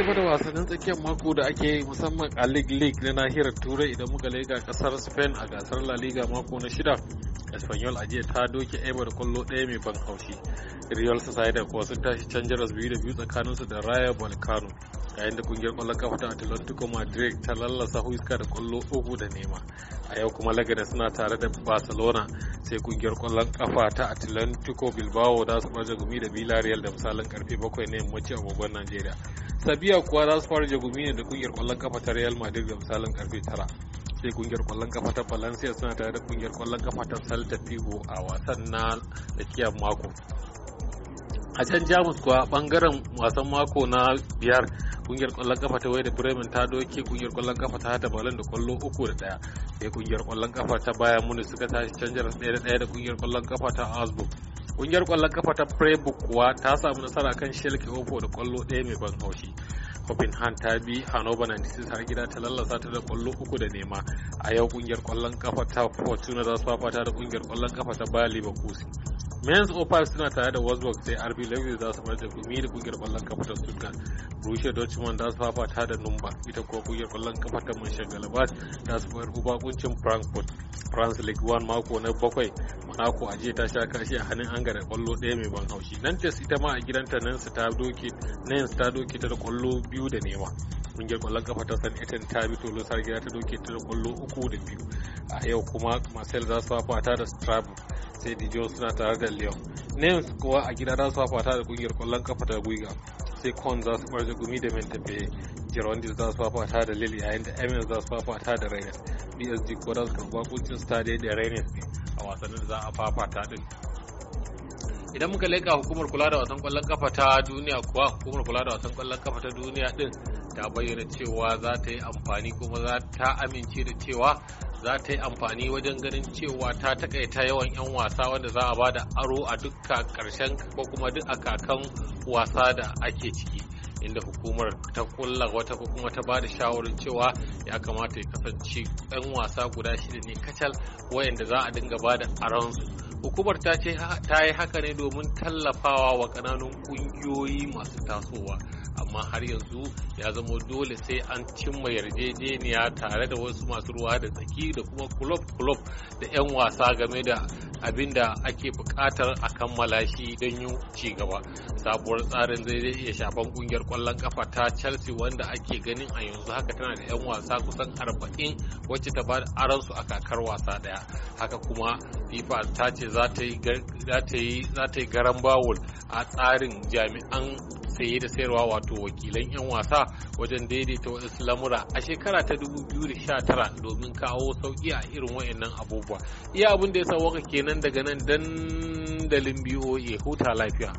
gaba da wasannin tsakiyar mako da ake yi musamman a league league na nahiyar turai idan muka lega kasar spain a gasar la liga mako na shida espanyol a jiya ta doke aibar kwallo daya mai ban haushi real society kuwa sun tashi can jaras biyu da biyu tsakaninsu da raya balkano yayin da kungiyar kwallon kafa ta atlantico madrid ta lallasa huiska da kwallo uku da nema a yau kuma lagana suna tare da barcelona sai kungiyar kwallon kafa ta atlantico bilbao za su fara gumi da villarreal da misalin karfe 7 na yammaci a agogon nigeria sabiya kuwa za su fara jagumi ne da kungiyar kwallon kafa ta real madrid da misalin karfe 9 sai kungiyar kwallon kafa ta valencia suna tare da kungiyar kwallon kafa ta celta figo a wasan na tsakiyar mako a can jamus kuwa bangaren wasan mako na biyar kungiyar kwallon kafa ta wayar bremen ta doke kungiyar kwallon kafa ta hada balon da kwallo uku da daya sai kungiyar kwallon kafa ta bayan muni suka tashi canjar daya da daya da kungiyar kwallon kafa ta asbo kungiyar kwallon kafa ta freiburg kuwa ta samu nasara kan shelke ofo da kwallo daya mai ban haushi han ta bi Hannover 96 har gida ta lallasa ta da kwallo uku da nema a yau kungiyar kwallon kafa ta Fortuna za su fafata da kungiyar kwallon kafa ta bayan liverpool men's Opal suna tare da Wolfsburg sai RB Leipzig za su da gumi da kungiyar kwallon kafa ta Stuttgart. Borussia Dortmund za su fafata da Numba ita kuwa kungiyar kwallon kafa ta Mönchengladbach za su bayar hubakuncin Frankfurt. France League One mako na bakwai Monaco a ta sha kashi a hannun an gara kwallo ɗaya mai ban haushi. Nantes ita ma a gidanta Nantes ta doke Nantes ta doke ta da kwallo biyu da nema. Kungiyar kwallon kafa ta San Etienne ta bi tolo ta gida ta doke ta da kwallo uku da biyu. a yau kuma marcel za su fata da strabo sai dijon suna tare da leon nems kuwa a gida za su fafata da kungiyar kwallon kafa ta guiga sai con za su barje gumi da mentafe girondis za su fata da lili yayin da emirates za su fata da reyes bsg kuwa za su karɓi kuncin stade da reyes a wasannin za a fafata din idan muka leka hukumar kula da wasan kwallon kafa ta duniya kuwa hukumar kula da wasan kwallon kafa ta duniya din ta bayyana cewa za ta yi amfani kuma za ta amince da cewa za ta yi amfani wajen ganin cewa ta takaita yawan 'yan wasa wanda za a bada aro a dukkan karshen ko kuma duk a kakan wasa da ake ciki inda hukumar ta kulla wata ko kuma ta bada shawarar cewa ya kamata ya kasance 'yan wasa guda shida ne kacal wayanda za a dinga bada aronsu hukumar ta ta yi haka ne domin tallafawa wa ƙananan ƙungiyoyi masu tasowa amma har yanzu ya zama dole sai an cimma yarjejeniya tare da wasu masu ruwa da tsaki da kuma kulob kulob da 'yan wasa game da abin da ake bukatar a kammala shi don yin ci gaba sabuwar tsarin zai iya shafan kungiyar kwallon kafa ta chelsea wanda ake ganin a yanzu haka tana da 'yan wasa kusan arba'in wacce ta ba da aransu a kakar wasa daya haka kuma fifa ta ce za ta yi garan bawul a tsarin jami'an saye da sayarwa wato wakilan 'yan wasa wajen daidaita waɗansu lamura a shekara ta 2019 domin kawo sauƙi a irin waɗannan abubuwa iya abin da ya sauwaka kenan daga nan dandalin boa huta lafiya